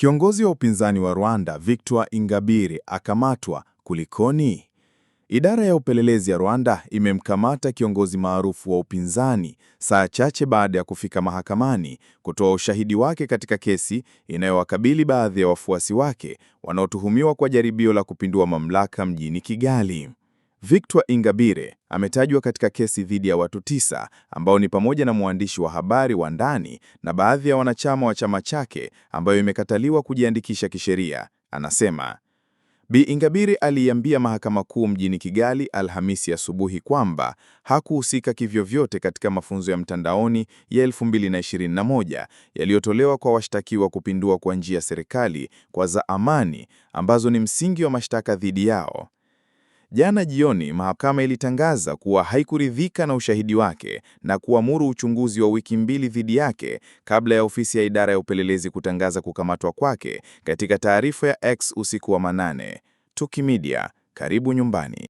Kiongozi wa upinzani wa Rwanda Victoire Ingabire akamatwa, kulikoni? Idara ya upelelezi ya Rwanda imemkamata kiongozi maarufu wa upinzani saa chache baada ya kufika mahakamani kutoa ushahidi wake katika kesi inayowakabili baadhi ya wafuasi wake wanaotuhumiwa kwa jaribio la kupindua mamlaka mjini Kigali. Victor Ingabire ametajwa katika kesi dhidi ya watu tisa ambao ni pamoja na mwandishi wa habari wa ndani na baadhi ya wanachama wa chama chake ambayo imekataliwa kujiandikisha kisheria. Anasema Bi Ingabire aliiambia Mahakama Kuu mjini Kigali Alhamisi asubuhi kwamba hakuhusika kivyovyote katika mafunzo ya mtandaoni ya 2021 yaliyotolewa kwa washtakiwa kupindua kwa njia serikali kwa za amani ambazo ni msingi wa mashtaka dhidi yao. Jana jioni mahakama ilitangaza kuwa haikuridhika na ushahidi wake na kuamuru uchunguzi wa wiki mbili dhidi yake kabla ya ofisi ya idara ya upelelezi kutangaza kukamatwa kwake katika taarifa ya X usiku wa manane. Tuqi Media, karibu nyumbani.